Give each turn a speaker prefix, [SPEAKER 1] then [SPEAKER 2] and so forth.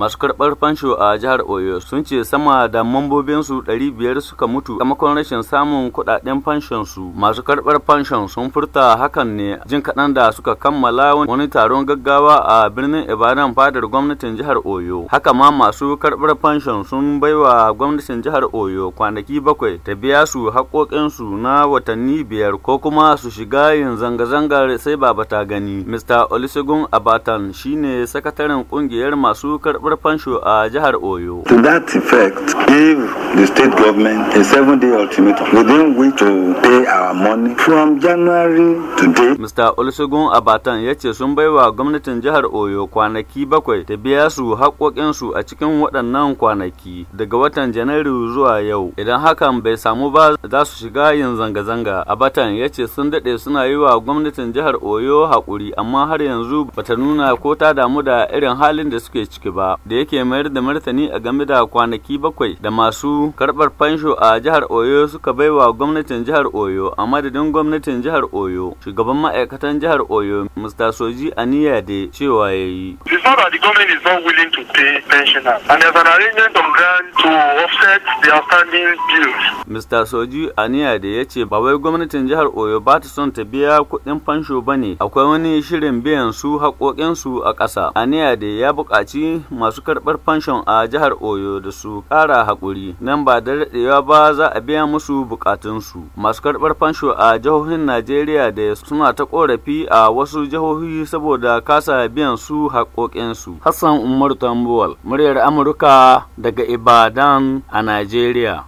[SPEAKER 1] masu karɓar fansho a jihar oyo sun ce sama da mambobinsu 500 suka mutu kamakon rashin samun kuɗaɗen fanshon su masu karɓar fanshon sun furta hakan ne jin kaɗan da suka kammala wani taron gaggawa a birnin ibadan fadar gwamnatin jihar oyo haka ma masu karɓar fanshon sun baiwa gwamnatin jihar oyo kwanaki bakwai ta biya su haƙoƙinsu na watanni biyar ko kuma su shiga yin zanga-zangar sai ba ta gani mr olusegun abatan shine sakataren ƙungiyar masu karbar. tsohuwar fansho a jihar Oyo. To that effect, give the state government a seven day ultimatum within which to pay our money from January to date. Mr. Olusegun Abatan ya ce sun bai wa gwamnatin jihar Oyo kwanaki bakwai ta biya su haƙoƙinsu a cikin waɗannan kwanaki daga watan Janairu zuwa yau. Idan hakan bai samu ba za su shiga yin zanga-zanga. Abatan ya ce sun daɗe suna yi wa gwamnatin jihar Oyo haƙuri amma har yanzu bata nuna ko ta damu da irin halin da suke ciki ba. da yake mayar da martani a game da kwanaki bakwai da masu karɓar fansho a jihar Oyo suka baiwa gwamnatin jihar Oyo a madadin gwamnatin jihar Oyo. Shugaban ma'aikatan jihar Oyo Mr. Soji da cewa ya yi. not that the government is not willing to pay pensioners. And there's an arrangement on ground to offset the outstanding bills. Mr. Soji Aniya da ya ce ba gwamnatin jihar Oyo ba ta son ta biya kuɗin fansho ba ne, akwai wani shirin biyan su haƙoƙinsu a ƙasa. Aniya da ya buƙaci masu karɓar fanshon a jihar Oyo da su ƙara haƙuri, nan ba da daɗewa ba za a biya musu buƙatunsu. Masu karɓar fansho a jihohin Najeriya da suna ta ƙorafi a wasu jihohi saboda kasa biyan su haƙoƙin haƙƙinsu. Hassan umaru Tambuwal, muryar Amurka daga Ibadan a Najeriya.